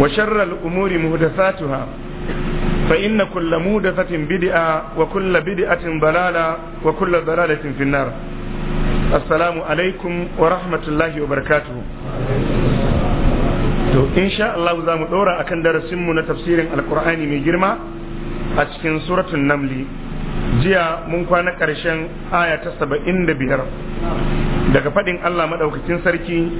وشر الأمور مهدفاتها فإن كل مهدفة بدعة وكل بدعة ضلالة وكل ضلالة في النار السلام عليكم ورحمة الله وبركاته to insha Allah za mu ɗora a kan mu na tafsirin alkur'ani mai girma a cikin suratun namli jiya mun kwana ƙarshen aya ta saba'in da biyar daga faɗin Allah maɗaukacin sarki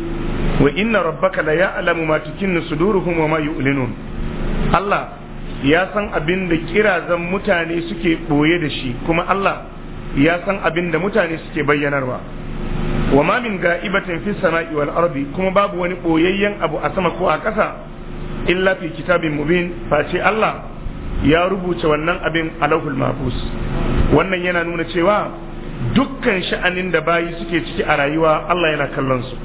wa inna rabbaka la ya'lamu ma tukinnu suduruhum wa ma yu'linun Allah ya san abin da kirazan mutane suke boye da shi kuma Allah ya san abin da mutane suke bayyanarwa wa ma min ga'ibatin fis sama'i wal ardi kuma babu wani boyayyen abu a sama ko a ƙasa illa fi kitabin mubin face Allah ya rubuta wannan abin a lauhul mahfuz wannan yana nuna cewa dukkan sha'anin da bayi suke ciki a rayuwa Allah yana kallon su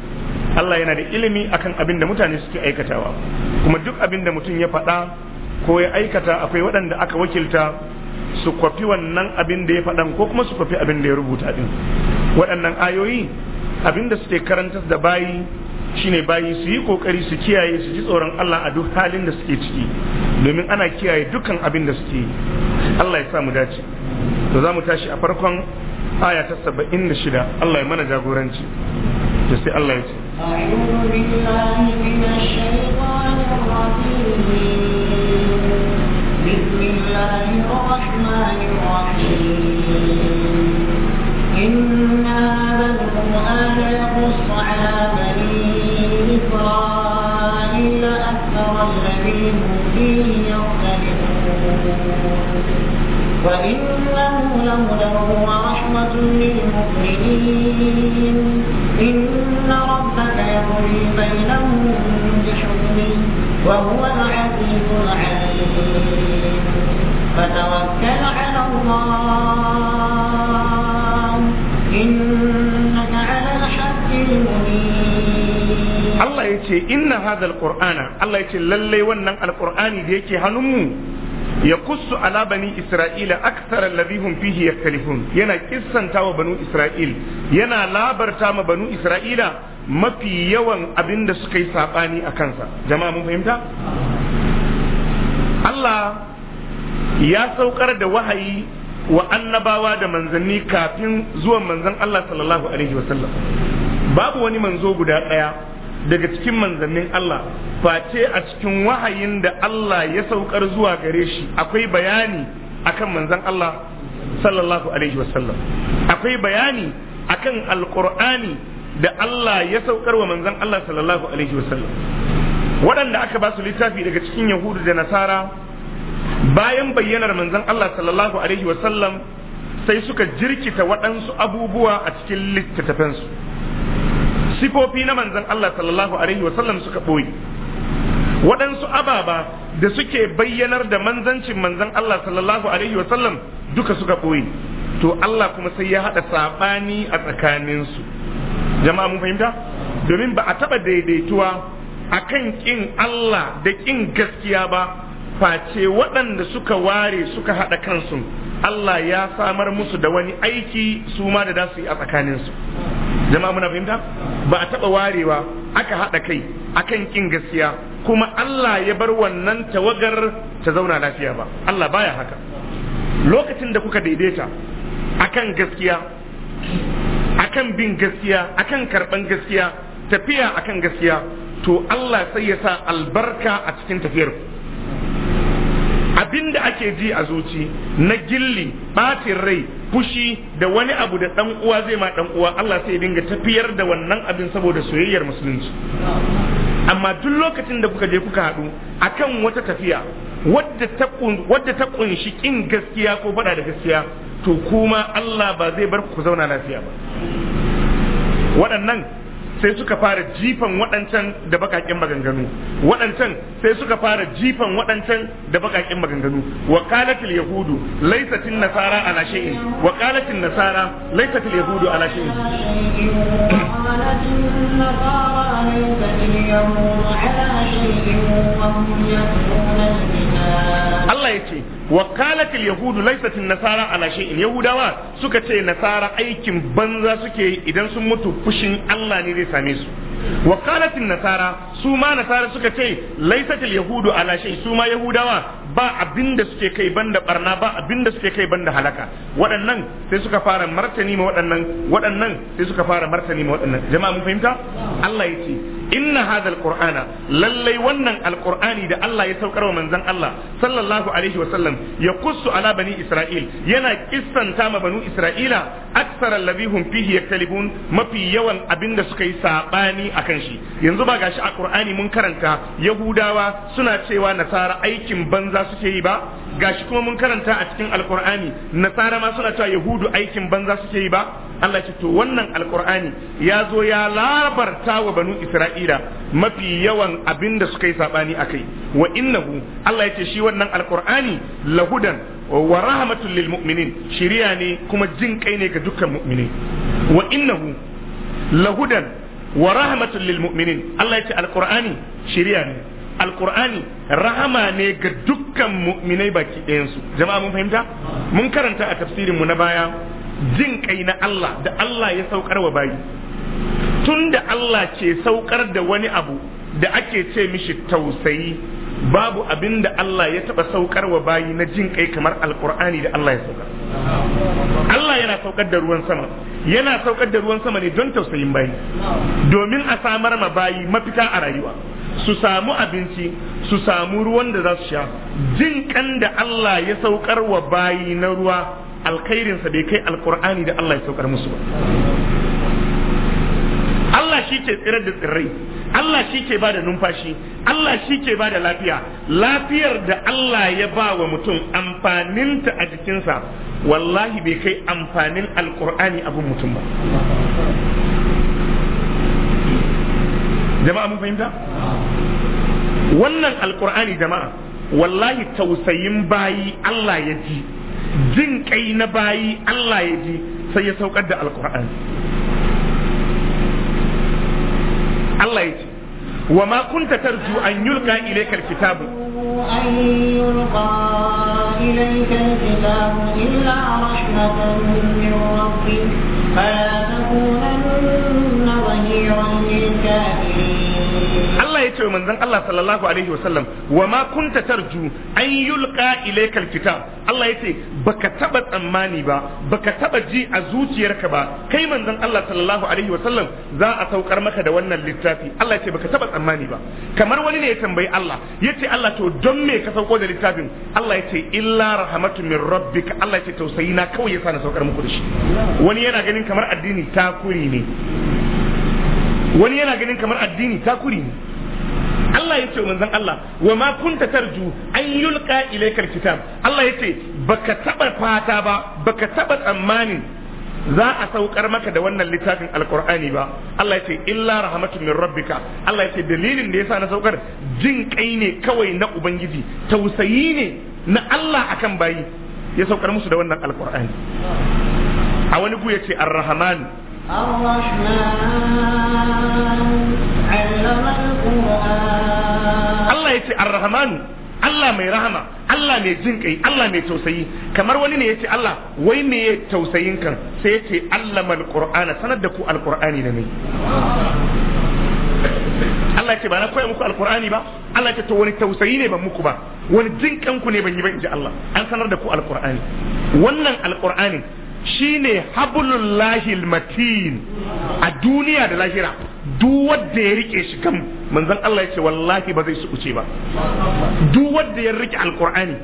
Allah yana da ilimi akan abin da mutane suke aikatawa kuma duk abin da mutum ya faɗa ko ya aikata akwai waɗanda aka wakilta su kwafi wannan abin da ya faɗan ko kuma su kwafi abin da ya rubuta din waɗannan ayoyi abin da suke karanta da bayi shine bayi su yi kokari su kiyaye su ji tsoron Allah a duk halin da suke ciki domin ana kiyaye dukkan abin da suke yi Allah ya sa mu dace to za mu tashi a farkon aya ta 76 Allah ya mana jagoranci to sai Allah أعوذ بالله من الشيطان الرجيم بسم الله الرحمن الرحيم إنا هذا القرآن يقول وهو العزيز العليم فتوكل على الله إنك على الحق المبين الله يتي إن هذا القرآن الله يتي للي ونن القرآن ديكي هنمو Ya ala bani isra'ila akthara alladhi hum fihi yaktalifun yana kissanta wa banu isra'il yana labarta ma banu isra'ila mafi yawan abin da suka yi sabani a kansa jama'a mun fahimta Allah ya saukar da wahayi wa annabawa da manzanni kafin zuwan manzan Allah sallallahu alaihi babu wani manzo guda ɗaya daga cikin manzannin Allah ce a cikin wahayin da Allah ya saukar zuwa gare shi akwai bayani akan manzan Allah sallallahu alaihi wasallam akwai bayani akan alqur'ani da Allah ya saukar wa manzan Allah sallallahu alaihi wasallam waɗanda aka ba su littafi daga cikin yahudu da nasara bayan bayyanar manzan Allah sallallahu alaihi wasallam sai suka jirkita waɗansu abubuwa a cikin littattafansu sifofi na manzan Allah sallallahu alaihi wasallam suka ɓoye waɗansu ababa da suke bayyanar da manzancin manzan Allah sallallahu alaihi wasallam duka suka ɓoye to Allah kuma sai ya haɗa saɓani a tsakaninsu jama'a mun fahimta domin ba a taɓa daidaituwa a kan ƙin Allah da ƙin gaskiya ba face waɗanda suka ware suka haɗa kansu Allah ya samar musu da wani aiki su ma da su yi a tsakaninsu jama'a muna fahimta ba a taɓa warewa aka haɗa kai akan kin gaskiya kuma Allah ya bar wannan tawagar ta zauna lafiya ba Allah baya haka lokacin da kuka daidaita akan gaskiya akan bin gaskiya akan karɓan gaskiya tafiya akan gaskiya to Allah sai ya sa albarka a cikin tafiyarku abin da ake ji a zuci na gilli ɓacin rai fushi da wani abu da ɗan uwa zai ma ɗan uwa Allah sai dinga tafiyar da wannan abin saboda soyayyar musulunci amma duk lokacin da kuka je kuka haɗu akan wata tafiya wadda ta kunshi ƙin gaskiya ko faɗa da gaskiya to kuma Allah ba zai bar ku zauna lafiya ba waɗannan sai suka fara jifan waɗancan da bakaƙin maganganu waɗancan sai suka fara jifan waɗancan da bakaƙin maganganu wa qalatil yahudu laysat nasara ala shay'in wa qalatil nasara laysat yahudu ala shay'in Allah ya ce wa Yahudu al nasara ala in yahudawa suka ce nasara aikin banza suke idan sun mutu fushin Allah ne zai same su wa nasara su ma nasara suka ce laysat Yahudu yahud ala shay su ma yahudawa ba abinda suke kai banda barna ba abinda suke kai banda halaka waɗannan sai suka fara martani ma waɗannan waɗannan sai suka fara martani ma waɗannan jama'a mun fahimta Allah ya ce inna hadha alqur'ana lallai wannan alqur'ani da Allah ya saukar wa manzon Allah sallallahu alaihi wa sallam ya qussu ala bani isra'il yana kissanta ma banu isra'ila aksara labihun hum fihi yaktalibun mafi yawan abinda suka yi sabani akan shi yanzu ba gashi a qur'ani mun karanta yahudawa suna cewa nasara aikin banza suke yi ba gashi kuma mun karanta a cikin alqur'ani nasara ma suna cewa yahudu aikin banza suke yi ba Allah ya to wannan alqur'ani ya zo ya labarta wa banu isra'il. akida mafi yawan abin da suka yi sabani akai wa innahu Allah ya ce shi wannan alkur'ani lahudan wa rahmatul lil mu'minin shiriya ne kuma jin kai ne ga dukkan mu'mini wa innahu lahudan wa rahmatul lil mu'minin Allah ya ce alqur'ani shiriya ne alkur'ani rahama ne ga dukkan mu'minai baki ɗayansu jama'a mun fahimta mun karanta a tafsirin mu na baya jin kai na Allah da Allah ya saukar wa bayi Tun da Allah ke saukar da wani abu da ake ce mishi tausayi babu abin da Allah ya taba saukar wa bayi na jin kai kamar alkur'ani da Allah ya saukar Allah yana saukar da ruwan sama yana saukar da ruwan sama ne don tausayin bayi domin a samar ma bayi mafita a rayuwa su samu abinci su samu ruwan da za su sha jin kan da Allah ya saukar wa bayi na ruwa alkhairinsa bai kai alkur'ani da Allah ya saukar musu ba shi ke tsirar da tsirrai Allah shi ke bada numfashi Allah shi ke bada lafiya lafiyar da Allah ya ba wa mutum amfaninta a jikinsa wallahi bai kai amfanin alkur'ani abin mutum ba jama'a mun fahimta wannan alkur'ani jama'a wallahi tausayin bayi Allah ya ji jin kai na bayi Allah ya ji sai ya saukar da alkur'ani Allah ya ce wa ma kunta tarju an yulqa ilayka alkitab an yulqa ilayka alkitab illa rahmatan min rabbik fala takunanna zahiran lilkafirin ce manzon Allah sallallahu alaihi wasallam wa ma kunta tarju an yulqa ilayka alkitab Allah yace baka taba tsammani ba baka taba ji a zuciyarka ba kai manzon Allah sallallahu alaihi wasallam za a saukar maka da wannan littafi Allah yace baka taba tsammani ba kamar wani ne ya tambayi Allah yace Allah to don me ka sauko da littafin Allah yace illa rahmatun min rabbika Allah yace tausayi na kawai yasa na saukar muku da shi wani yana ganin kamar addini takuri ne wani yana ganin kamar addini takuri ne Allah ya ce manzon Allah wa ma kunta tarju an yulqa ilaykal kitab Allah ya ce baka taba fata ba baka taba tsammanin za a saukar maka da wannan littafin alkur'ani ba Allah ya ce illa rahmatun min rabbika Allah ya ce dalilin da yasa na saukar jin kai ne kawai na ubangiji tausayi ne na Allah akan bayi ya saukar musu da wannan alkur'ani a wani ku ya ce ar-rahman ar-rahman Allah ya ce ar Allah mai rahama Allah mai jin kai Allah mai tausayi kamar wani ne ya ce Allah wai me ya tausayin kan sai ya ce Allah mal Qur'ana sanar da ku alqur'ani da ne Allah ce ba na koya muku alqur'ani ba Allah ce to wani tausayi ne ban muku ba wani jin kanku ne ban yi ba inji Allah an sanar da ku alqur'ani wannan alqur'ani Shi ne hablullahi matin a duniya da lahira duk wanda ya rike shi kan manzon Allah yace wallahi ba zai su uce ba duk wanda ya rike alqur'ani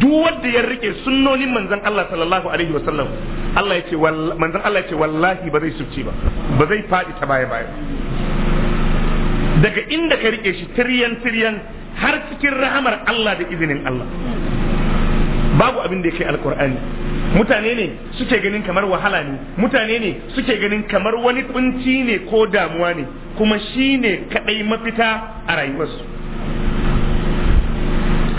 duk wanda ya rike sunnonin manzon Allah sallallahu alaihi wasallam Allah yace manzon Allah yace wallahi ba zai su uce ba ba zai fadi ta baya baya daga inda ka rike shi tiryan tiryan har cikin rahamar Allah da izinin Allah babu abin da ya kai alqur'ani mutane ne suke ganin kamar wahala ne mutane ne suke ganin kamar wani kunci ne ko damuwa ne kuma shi ne kaɗai mafita a rayuwarsu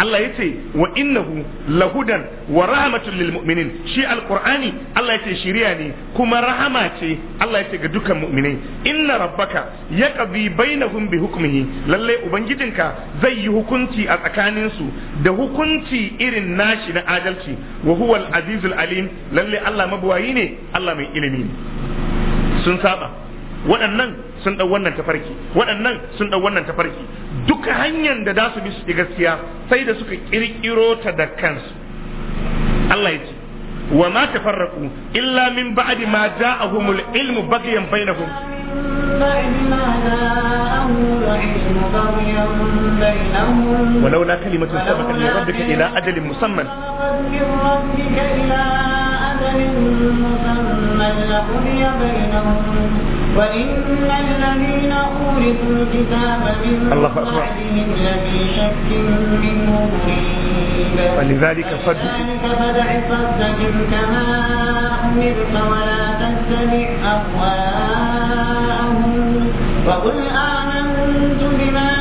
Allah ya ce wa innahu lahudan wa rahmatul lil mu'minin shi alqur'ani Allah ya ce shiriya ne kuma rahama ce Allah ya ce ga dukkan mu'minai inna rabbaka yaqdi bainahum bi hukmihi lalle ubangijinka zai yi hukunci a tsakanin su da hukunci irin nashi na adalci wa huwa al azizul alim lalle Allah mabuwayi ne Allah mai ilimi sun saba waɗannan sun ɗau wannan tafarki waɗannan sun ɗau wannan tafarki duka hanyar da za su bi su ki gaskiya sai da suka ƙirƙiro ta da kansu Allah ya ce wa ma tafarraqu illa min ba'di ma ja'ahumul ilmu baghyan bainahum ولولا كلمة سبقت من ربك إلى أجل مسمى ربك إلى أجل مسمى لقضي بينهم وإن الذين أورثوا الكتاب من بعدهم لفي شك منه فلذلك فدع فدع صدق كما أمرت ولا تتبع أهواءهم وقل آمنت بما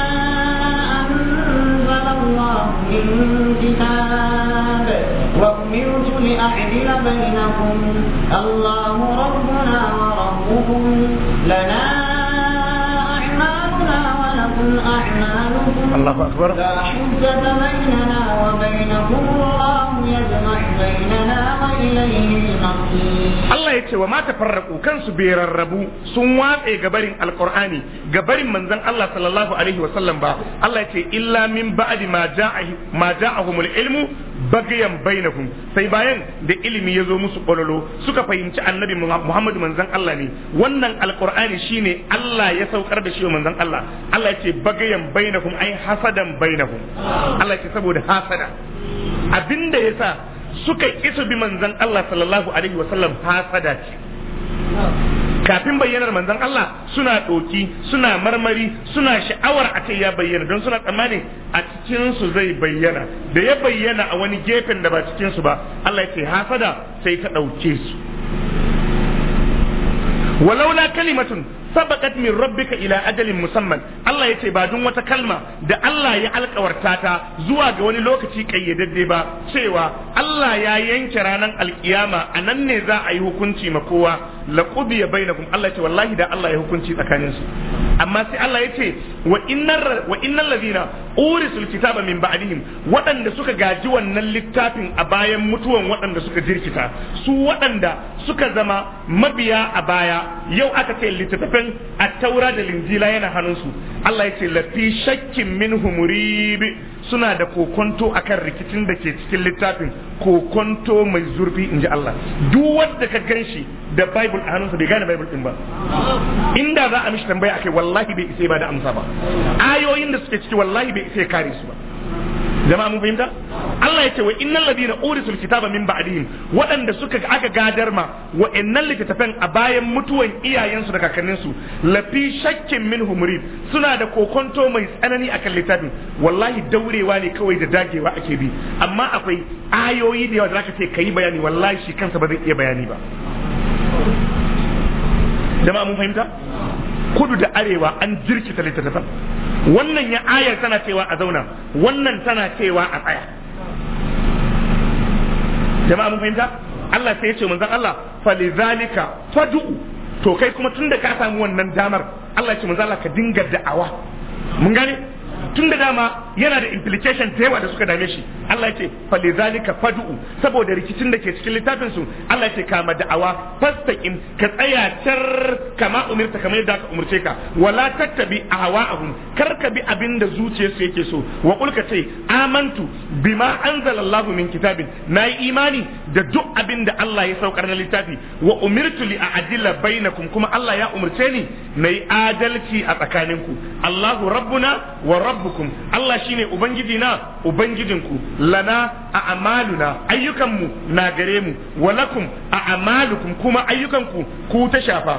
أنزل الله من كتاب أمرت لأعدل بينكم الله ربنا وربكم لنا أعمالنا ولكم أعمالكم الله أكبر لا حجة بيننا وبينكم الله allah ya ce wa mata farraku kansu bai rarrabu sun watse gabarin alkur'ani غبرين القرآن غبرين من ذن الله Allah الله عليه وسلم با الله يتي إلا من بعد ilmu bagayan bainahum sai bayan da ilimi ya zo musu kwalolo suka fahimci annabi Muhammadu manzon Allah ne wannan alƙur'ani shine Allah ya saukar da shi manzan Allah Allah ya ce bagayan bainahum ai hasadan bainahum Allah ya ce saboda hasada abinda ya yasa suka isa bi manzon Allah sallallahu alaihi wasallam ce kafin bayyanar manzan Allah suna ɗoki suna marmari suna sha'awar a ce ya bayyana don suna tsammani a cikinsu zai bayyana da ya bayyana a wani gefen da ba cikinsu ba Allah ya ce hasada sai ta ɗauke su walaula kalimatun sabaqat min rabbika ila adalin musamman Allah ya ce ba dun wata kalma da Allah ya alƙawarta ta zuwa ga wani lokaci kayyadadde ba cewa Allah ya yanke ranar alkiyama a nan ne za a yi hukunci ma kowa laqudiya bainakum Allah ya ce wallahi da Allah ya hukunci tsakanin su amma sai Allah ya ce wa innar wa innal ladina urisul kitaba min ba'dihim waɗanda suka gaji wannan littafin a bayan mutuwan waɗanda suka jirkita su waɗanda suka zama mabiya a baya yau aka ce littafin at-taura da linjila yana hannunsu Allah ya ce lafi shakkin minhum suna da kokonto akan rikicin da ke cikin littafin kokonto mai zurfi in ji Allah duk wanda ka gan shi da bible a hannunsa bai gane bible din ba inda za a mishi tambaya akai wallahi bai isa ba da amsa ba ayoyin da suke ciki wallahi bai isa ya kare su ba jama'a mun fahimta Allah ya ce wa innal ladina urisul kitaba min ba'dihim waɗanda suka aka gadar ma innal litafan a bayan mutuwan iyayensu da kakanninsu lafi shakkin min humrid suna da kokonto mai tsanani akan litafin wallahi daurewa ne kawai da dagewa ake bi amma akwai ayoyi da yawa da zaka ce kai bayani wallahi shi kansa ba zai iya bayani ba jama'a mun fahimta kudu da arewa an jirkita littattafan wannan ya ayar tana cewa a zauna wannan tana cewa a tsaya jama'a mun fahimta Allah sai ya ce manzon Allah falizalika fad'u to kai kuma tunda ka samu wannan damar Allah ya ce manzon Allah ka dinga da'awa mun gane tun da dama yana da implication da yawa da suka dame shi Allah ya ce falizalika fad'u saboda rikicin da ke cikin littafin su Allah ya ce ka da'awa fastaqim ka tsaya tar kama umirta kamar yadda aka umurce ka wala tattabi ahwa'ahum kar ka bi abin da zuciyarsu yake so wa qul ka ce amantu bima anzalallahu min kitabin nayi imani da duk abin da Allah ya saukar na littafi wa umirtu li a'dila bainakum kuma Allah ya umurce ni nayi adalci a tsakaninku Allahu rabbuna wa rabbukum Allah shine ubangiji na ubangijinku lana a amaluna ayyukanmu na gare mu walakum a amalukum kuma ayyukanku ku ta shafa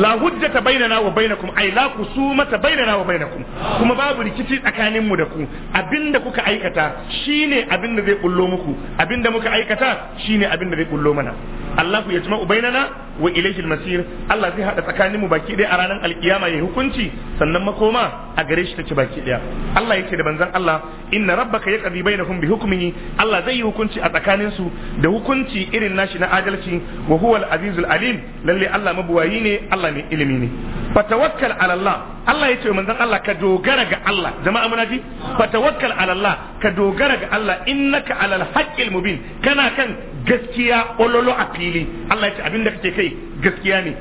la hujjata na wa bainakum ay la kusumata na wa bainakum kuma babu rikici tsakanin mu da ku abinda kuka aikata shine abinda zai bullo muku abinda muka aikata shine abinda zai bullo mana Allahu yajma'u bainana wa ilaihi masir Allah zai hada tsakanin mu baki ɗaya a ranar alkiyama ya hukunci sannan makoma a gare shi tace baki ɗaya Allah yake da banzan Allah inna rabbaka yaqdi bainahum bi hukmihi Allah zai yi hukunci a tsakanin su da hukunci irin nashi na adalci wa huwal azizul alim lalle Allah mabuwayi ne Allah mai ilimi ne fatawakkal ala Allah Allah yace manzon Allah ka dogara ga Allah jama'a muna ji fatawakkal ala Allah ka dogara ga Allah innaka alal haqqil mubin kana kan gaskiya ololo a fili Allah ya ce abin da kake kai gaskiya ne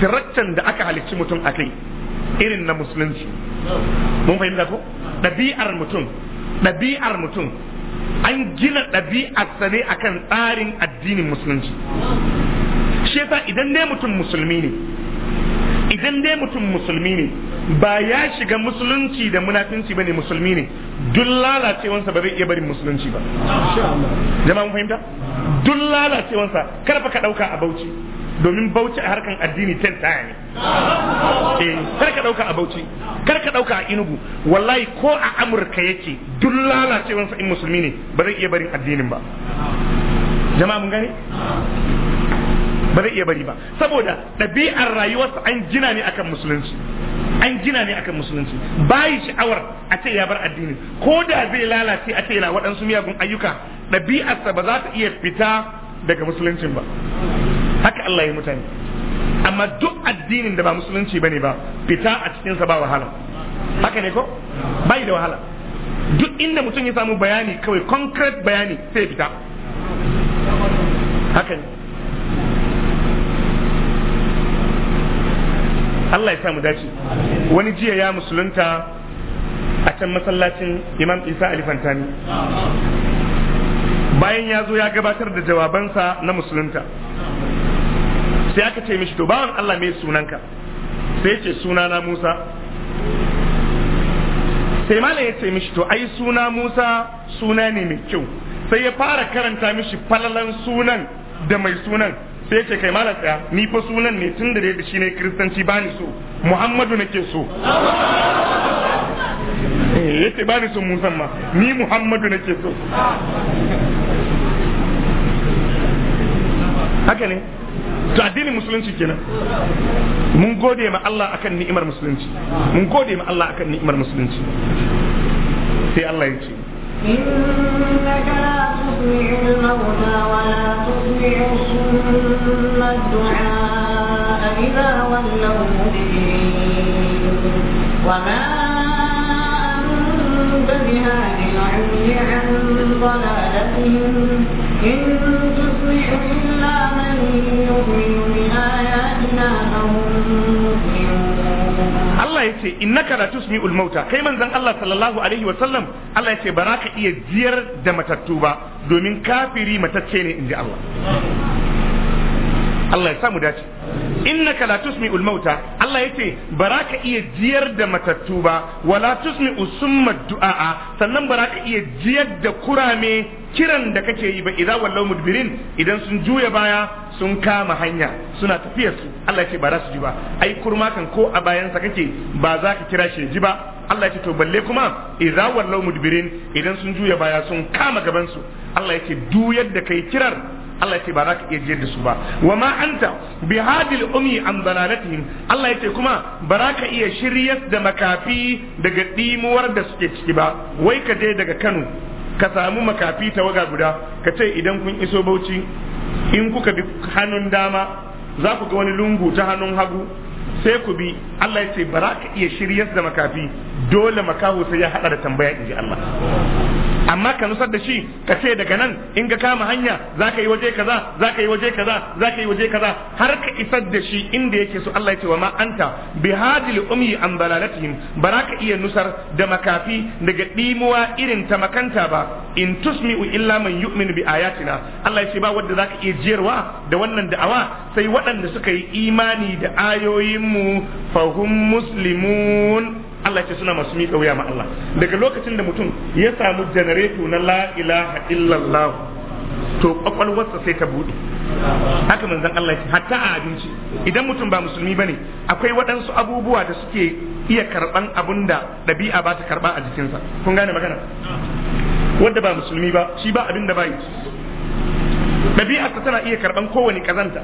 tiraktan da aka halicci mutum a kai irin na musulunci mun fahimta ko ɗabi'ar mutum ɗabi'ar mutum an gina ɗabi'ar sa ne akan tsarin addinin musulunci shi idan dai mutum musulmi ne idan dai mutum musulmi ne ba ya shiga musulunci da munafinci bane musulmi ne duk lalacewansa ba zai iya barin musulunci ba jama'a mun fahimta duk lalacewansa kar fa ka dauka a bauchi domin bauchi a harkan addini ten taya ne eh, kar ka dauka a bauchi kar ka dauka a inugu wallahi ko a amurka yake duk lalacewansa in musulmi ne ba zai iya barin addinin ba jama'a mun gane ba zai iya bari ba saboda ɗabi'ar rayuwarsa an gina ne akan musulunci an gina ne akan musulunci bayi sha'awar a ce ya bar addini ko da zai lalace a ce yana waɗansu miyagun ayyuka ɗabi'arsa ba za ta iya fita daga musuluncin ba haka Allah ya mutane amma duk addinin da ba musulunci bane ba fita a cikinsa ba wahala haka ne ko bayi da wahala duk inda mutum ya samu bayani kawai concrete bayani sai fita haka ne Allah ya samu dace wani jiya ya musulunta a can masallacin Imam Isa Alifantani. bayan ya zo ya gabatar da jawabansa na musulunta sai aka ce mishi to bawan Allah mai sunanka sai ya ce sunana Musa sai malam ya ce mishi to ai suna Musa suna ne mai kyau sai ya fara karanta mishi falalan sunan da mai sunan sai ce kai mala tsaya ni fa sunan ne tun da dai shi ne kristanci ba ni so muhammadu nake so eh, ya ce ba ni so musan ma ni muhammadu nake so haka ne to addinin musulunci kenan mun gode ma Allah akan ni'imar musulunci mun gode ma Allah akan ni'imar musulunci sai Allah ya ce إنك لا تسمع الموتى ولا تسمع الصم الدعاء إذا ولوا مدبرين وما أنت بهاد العمي عن ضلالتهم إن تسمع إلا من يؤمن ce innaka la tusmi'ul mauta kai manzon Allah sallallahu alaihi wa sallam Allah ya ce ba ka iya jiyar da matattu ba domin kafiri matacce ne inji Allah Allah ya samu dace innaka la tusmi'ul mauta Allah yace bara ka iya jiyar da matattu ba wala tusmi'u summa du'a sannan bara ka iya jiyar da kurame kiran da kake yi ba idza wallaw mudbirin idan sun juya baya sun kama hanya suna tafiyar su Allah ya ce ba za su ji ba ai kurma kan ko a bayan sa kake ba za ka kira shi ji ba Allah ya ce to balle kuma idza wallaw mudbirin idan sun juya baya sun kama gaban su Allah ya ce du yadda kai kirar Allah ya ce ba za ka iya jiyar da su ba wa ma anta bi hadil umi an dalalatihim Allah ya ce kuma ba za ka iya shiryar da makafi daga dimuwar da suke ciki ba wai ka je daga Kano ka samu makafi tawaga guda ka ce idan kun iso bauchi in kuka bi hannun dama za ku ga wani lungu ta hannun hagu sai ku bi Allah ya ce ba za ka iya shiryar da makafi dole makaho sai ya haɗa da tambaya in ji Allah amma ka nusar da shi ka ce daga nan in ka kama hanya za ka yi waje kaza za ka yi waje kaza za ka yi waje kaza har ka isar da shi inda yake so Allah ya ce wa ma anta bi hadil umyi an balalatihim ba za ka iya nusar da makafi daga dimuwa irin ta makanta ba in tusmi'u illa man yu'minu bi ayatina Allah ya ce ba wanda za ka iya jiyarwa da wannan da'awa sai waɗanda suka yi imani da ayoyin mu fahum muslimun Allah ce suna masu miƙa wuya ma Allah daga lokacin da mutum ya samu janareto na la ilaha illallah to kwakwalwarsa sai ta buɗe haka manzon Allah ce hatta a abinci idan mutum ba musulmi bane akwai waɗansu abubuwa da suke iya karɓan abin da ɗabi'a ba ta karɓa a jikinsa kun gane magana wanda ba musulmi ba shi ba abin da ba yi ɗabi'arsa tana iya karɓan kowane ƙazanta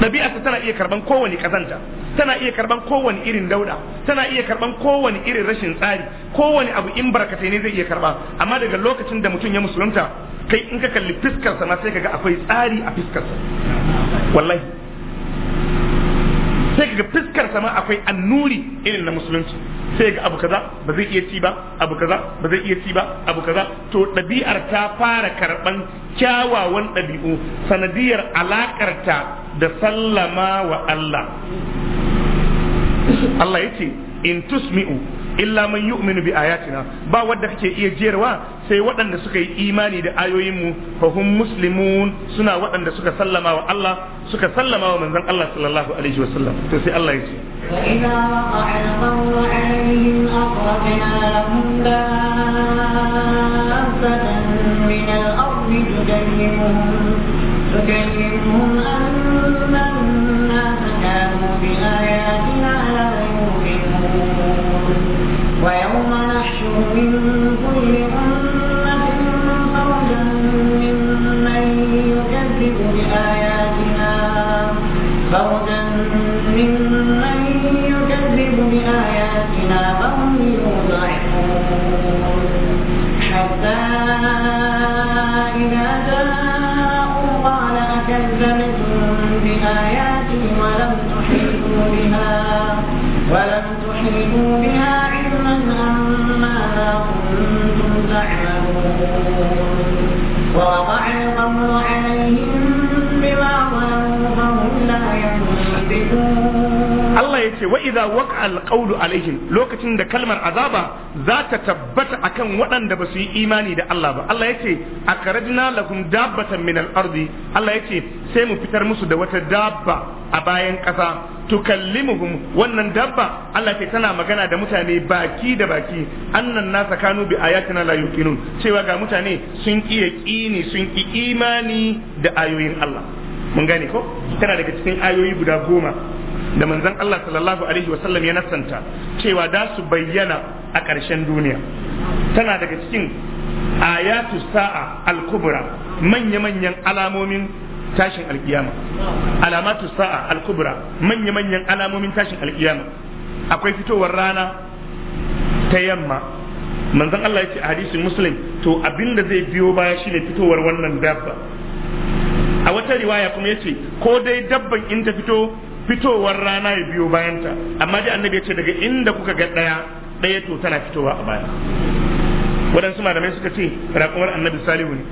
ɗabi'arsa tana iya karban kowane kazanta tana iya karban kowane irin dauda tana iya karban kowane irin rashin tsari kowane abu in barkatai ne zai iya karba amma daga lokacin da mutum ya musulunta kai in ka kalli fiskarsa ma sai kaga akwai tsari a fiskarsa wallahi sai kaga fiskarsa ma akwai annuri irin na musulunci sai ga abu kaza ba zai iya ci ba abu kaza ba zai iya ci ba abu kaza to ɗabi'ar ta fara karɓan kyawawan ɗabi'u sanadiyar alaƙarta da sallama wa Allah Allah ya ce in tusmi'u illa man yu'minu bi ayatina ba wanda kake iya jerwa sai waɗanda suka yi imani da ayoyinmu mu fa hum muslimun suna waɗanda suka sallama wa Allah suka sallama wa manzon Allah sallallahu alaihi wasallam to sai Allah ya ce فإذا وقع القول عليهم أخرجنا لهم دابة من الأرض تكلمهم تكلمهم أن ويوم نحشر من كل alqawlu alaihim lokacin da kalmar azaba za ta tabbata akan waɗanda ba su yi imani da Allah ba Allah yace akarajna lahum dabbatan min al-ardi Allah yace sai mu fitar musu da wata dabba a bayan ƙasa tukallimuhum wannan dabba Allah ce tana magana da mutane baki da baki annan nasa kanu bi ayatina la yuqinun cewa ga mutane sun iya ƙini sun ki imani da ayoyin Allah mun gane ko tana daga cikin ayoyi guda goma da manzon Allah sallallahu alaihi wasallam ya nasanta cewa da su bayyana a ƙarshen duniya tana daga cikin ayatu sa'a al-kubra manya-manyan alamomin tashin alkiyama alamatu sa'a al-kubra manya-manyan alamomin tashin alkiyama akwai fitowar rana ta yamma manzon Allah ya ce a hadisin muslim to abinda zai biyo baya shine fitowar wannan dabba a wata riwaya kuma ya ce ko dai dabban in ta fito fitowar rana ya biyo bayanta amma dai annabi ya ce daga inda kuka ga ɗaya ɗaya to tana fitowa a baya waɗansu malamai suka ce raƙumar annabi salihu ne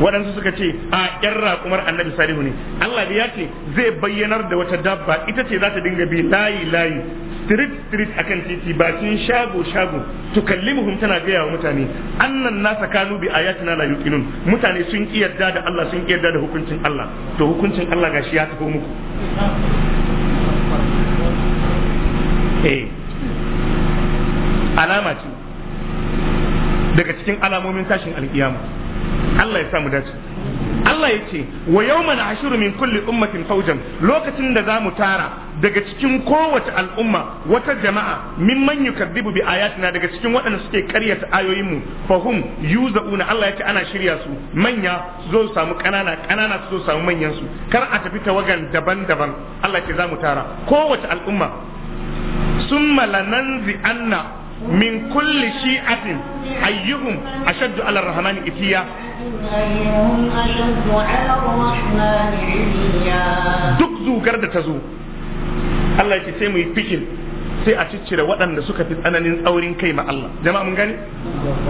waɗansu suka ce a ƴar raƙumar annabi salihu ne Allah ya ce zai bayyanar da wata dabba ita ce za ta dinga bi layi layi street street akan titi bakin shago shago to kallimuhum tana gaya wa mutane annan nasa kanu bi ayatina la yuqinun mutane sun kiyarda da Allah sun kiyarda da hukuncin Allah to hukuncin Allah gashi ya tafi muku alama ce daga cikin alamomin tashin alkiyama Allah ya samu dace Allah ya ce wa yawma na'shuru min kulli ummatin Faujan lokacin da za mu tara daga cikin kowace al'umma wata jama'a mimman yukadibu bi ayatina daga cikin waɗanda suke karyata ayoyin mu fahum yuzauna Allah ya ce ana shirya su manya su zo su samu kanana kanana su zo su samu manyan su kar a tafi tawagan daban-daban Allah ya ce za mu tara kowace al'umma summa lananzi anna min كل shi'atin ayyuhum ashaddu ala rahman itiya duk zugar da ta zo Allah ya ce sai mu yi fikin sai a ciccire waɗanda suka fi tsananin tsaurin kai ma Allah jama'a mun gani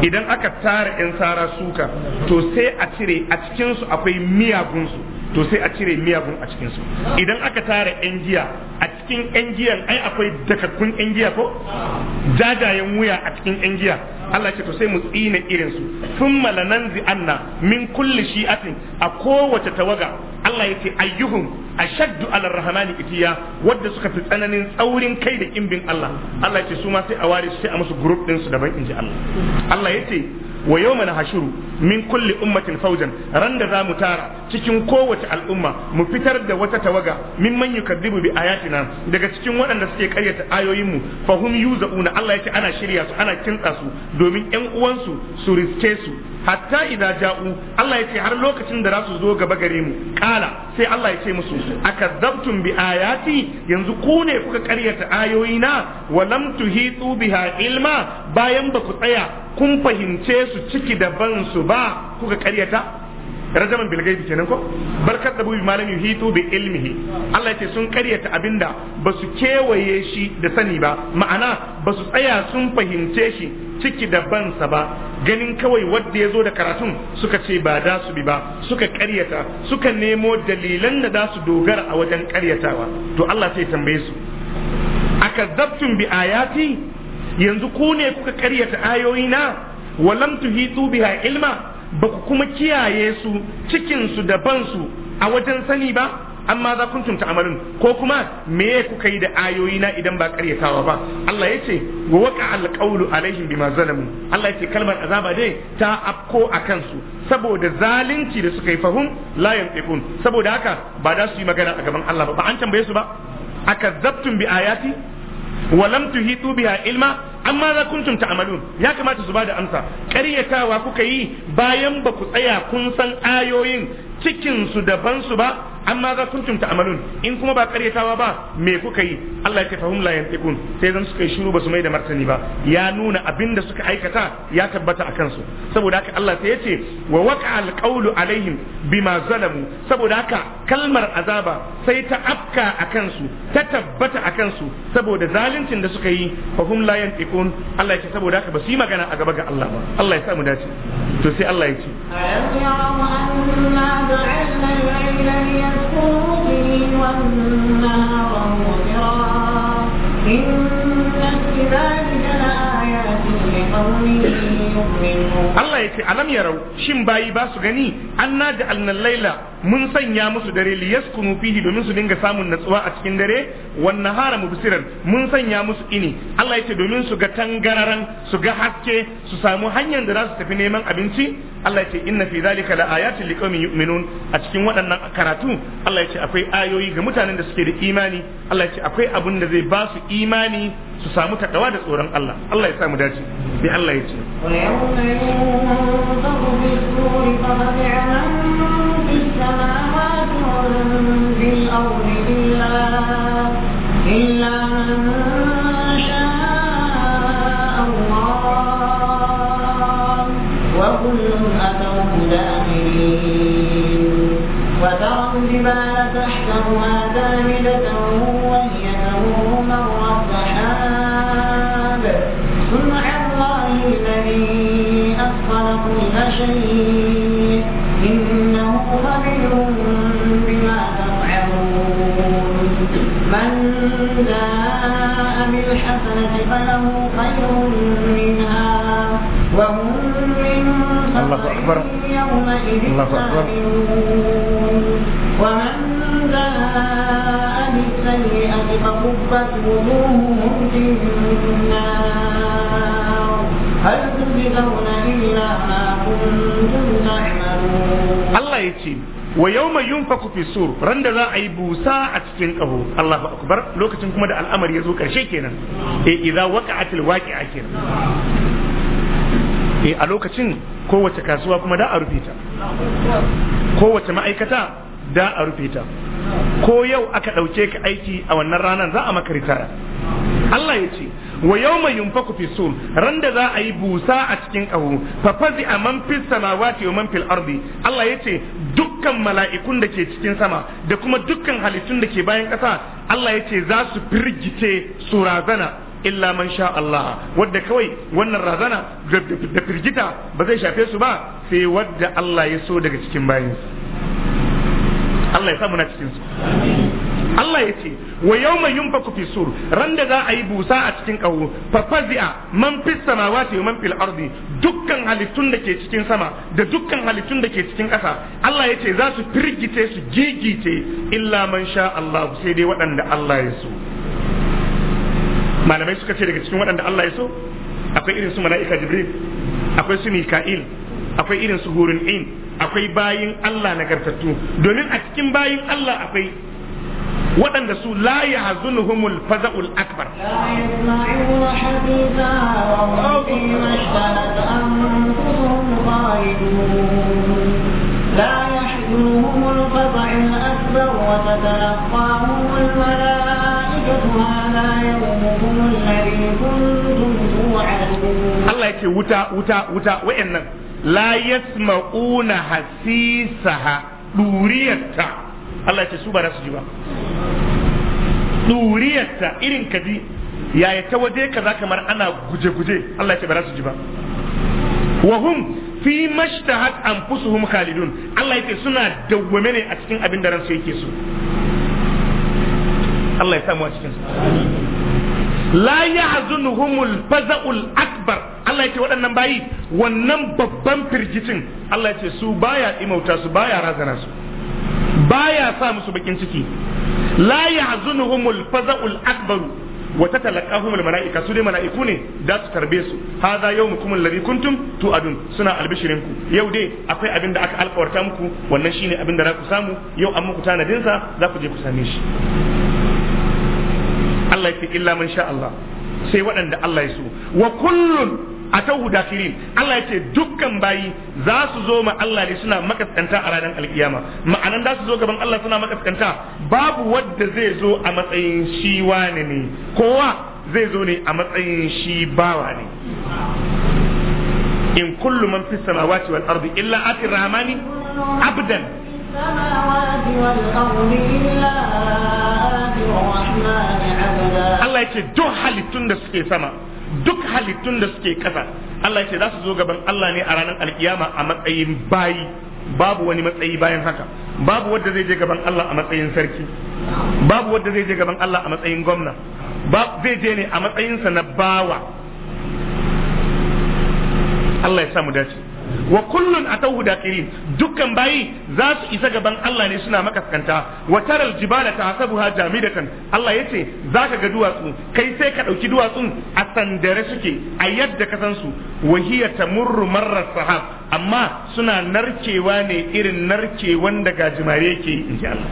idan aka tara 'yan sara suka to sai a cire a cikinsu akwai miyagunsu to sai a cire miyagun a cikinsu idan aka tara 'yan giya a cikin yan giyan ai akwai dakakkun yan giya ko jajayen wuya a cikin yan giya Allah ce to sai mu tsina irin su sun malananzi anna min kulli shi'atin a kowace tawaga Allah ya ce ayyuhum ashaddu ala rahmani itiya wadda suka fi tsananin tsaurin kai da kimbin Allah Allah ya ce su ma sai a ware su sai a musu group din su daban inji Allah Allah ya ce wa yawma nahshuru min kulli ummatin faujan ran da zamu tara cikin kowace al'umma mu fitar da wata tawaga min man yukadibu bi ayatina daga cikin waɗanda suke karyata ayoyin mu fa hum yuzauna Allah ce ana shirya su ana kintsa su domin ƴan uwansu su riske su hatta idza ja'u Allah yace har lokacin da zasu zo gaba gare mu kala sai Allah yace musu akadzabtum bi ayati yanzu ku ne kuka karyata ayoyina wa lam tuhitu biha ilma bayan ba ku tsaya kun fahimce su ciki da bansu ba kuka karyata rajaman bil gaibi kenan ko Barkar da bubi malami yuhitu bi ilmihi Allah yace sun karyata abinda ba su kewaye shi da sani ba ma'ana basu tsaya sun fahimce shi ciki da bansa ba ganin kawai wanda ya zo da karatun suka ce ba da su bi ba suka karyata suka nemo dalilan da za su dogara a wajen karyatawa to Allah sai tambaye su akazzabtum bi ayati yanzu ku ne kuka karyata ayoyina Walamtu lam tuhitu biha ilma ba ku kuma kiyaye su cikin su da bansu a wajen sani ba amma za kuntum ta'malun ko kuma me kuka yi da ayoyi na idan ba karyatawa ba Allah yace wa waqa alqawlu alaihim bima zalamu Allah yace kalmar azaba dai ta afko akan su saboda zalunci da suka yi fahum la yantiqun saboda haka ba da su yi magana a gaban Allah ba ba an tambaye su ba akazzabtum bi ayati wa lam tuhitu biha ilma amma za kuntum ta'malun ya kamata su bada amsa ƙaryatawa kuka yi bayan ba ku tsaya kun san ayoyin cikin su daban su ba amma za kuntum ta'malun in kuma ba karyatawa ba me kuka yi Allah ya fahum la yantiqun sai zan suka yi shiru basu mai da martani ba ya nuna abin da suka aikata ya tabbata a kansu saboda haka Allah sai yace wa waqa alqawlu alaihim bima zalamu saboda haka kalmar azaba sai ta afka a kansu ta tabbata a kansu saboda zaluncin da suka yi fahum la yantiqun Allah ya ce saboda haka ba su yi magana a gaba ga Allah ba Allah ya sa mu dace to sai Allah ya ce na Thank you. Allah ya ce alam yarau shin bayi ba su gani an na da laila mun sanya musu dare li yaskunu fihi domin su dinga samun natsuwa a cikin dare wan nahara mubsiran mun sanya musu ini Allah ya ce domin su ga tangararan su ga haske su samu hanyar da za su tafi neman abinci Allah ya ce inna fi zalika la ayatin liqaumin yu'minun a cikin waɗannan karatu Allah ya ce akwai ayoyi ga mutanen da suke da imani Allah ya ce akwai abun da zai ba su imani su samu takawa da tsoron Allah Allah ya samu dace bi Allah ya ce الله أكبر ومن جاء بالسيئة فكبت وجوههم في النار هل تجزون إلا ما كنتم تعملون الله يتيم ran da za a yi busa a cikin kaho Allahu akbar lokacin kuma da al'amari ya zo karshe kenan eh idza waqa'atil waqi'a kenan eh a lokacin kowace kasuwa kuma da a rufe ta kowace ma'aikata da a rufe ta ko yau aka ɗauke ka aiki a wannan ranar za a maka ritaya Allah ya ce wa yau mai yunfaku fi sur ran da za a yi busa a cikin ƙaho fafazi a man fil samawati wa man fil ardi Allah ya ce dukkan mala'ikun da ke cikin sama da kuma dukkan halittun da ke bayan ƙasa Allah ya ce za su firgice su razana illa man sha Allah wadda kawai wannan razana da firgita ba zai shafe su ba sai wadda Allah ya so daga cikin bayansu Allah ya samu na cikin su Allah ya ce wa yawma yunfaku fi sur ran da za a yi busa a cikin kaho fafazi'a man fis samawati wa man fil ardi dukkan halittun da ke cikin sama da dukkan halittun da ke cikin ƙasa Allah ya ce za su firgice su gigice illa man sha Allah sai dai waɗanda Allah ya so malamai suka ce daga cikin waɗanda Allah ya so akwai irin su mala'ika jibril akwai su mika'il akwai irin su gurin in akwai bayin Allah nagartattu domin a cikin bayin Allah akwai waɗanda su la ya hazunuhumul faza'ul akbar لا يحزنهم الفزع الأكبر وتتلقاهم الملائكة Allah yake wuta wuta wuta nan la yasma'una hasisaha duriyatta Allah yake su ba za su ji ba duriyatta irin kaji yaya ta waje kaza kamar ana guje-guje Allah yake ba za su ji ba wa hum fi mashtahat anfusuhum khalidun Allah yake suna dawwame ne a cikin abin da ransu yake so Allah ya samu a cikin su la yahzunuhumul faza'ul akbar Allah ya ce waɗannan bayi wannan babban firgicin Allah ya ce su baya imauta su baya razana su baya sa musu bakin ciki la yahzunuhumul faza'ul akbar wa tatalaqahumul malaika su dai malaiku ne da su tarbe su hadha yawmukum alladhi kuntum tu'adun suna albishirinku yau dai akwai abin da aka alkawarta muku wannan shine abin da za ku samu yau an muku tanadin sa za ku je ku same shi Allah illa man sha Allah sai waɗanda Allah ya so wa kullun a ta Allah ya ce dukkan bayi za su zo ma Allah ne suna makaskanta a ranar alkiyama ma'anan za su zo gaban Allah suna makaskanta babu wadda zai zo a matsayin shi wane ne kowa zai zo ne a matsayin shi bawa ne in kullu man fi samawati wal ardi illa ati rahmani abdan Allah ya ce duk halittun da suke sama duk halittun da suke kasa Allah ya ce za su zo gaban Allah ne a ranar alkiyama a matsayin bayi babu wani matsayi bayan haka babu wadda zai je gaban Allah a matsayin sarki babu wadda zai je gaban Allah a matsayin gwamna zai je ne a matsayinsa na bawa Allah ya samu dace wa kullun atawhu dakirin dukkan bayi za su isa gaban Allah ne suna makaskanta wa taral jibala tahsabuha jamidatan Allah yace zaka ga duwatsu kai sai ka dauki duwatsun a sandare suke a yadda ka san su wa hiya tamurru marra sahab amma suna narkewa ne irin narkewan da gajimare yake inji Allah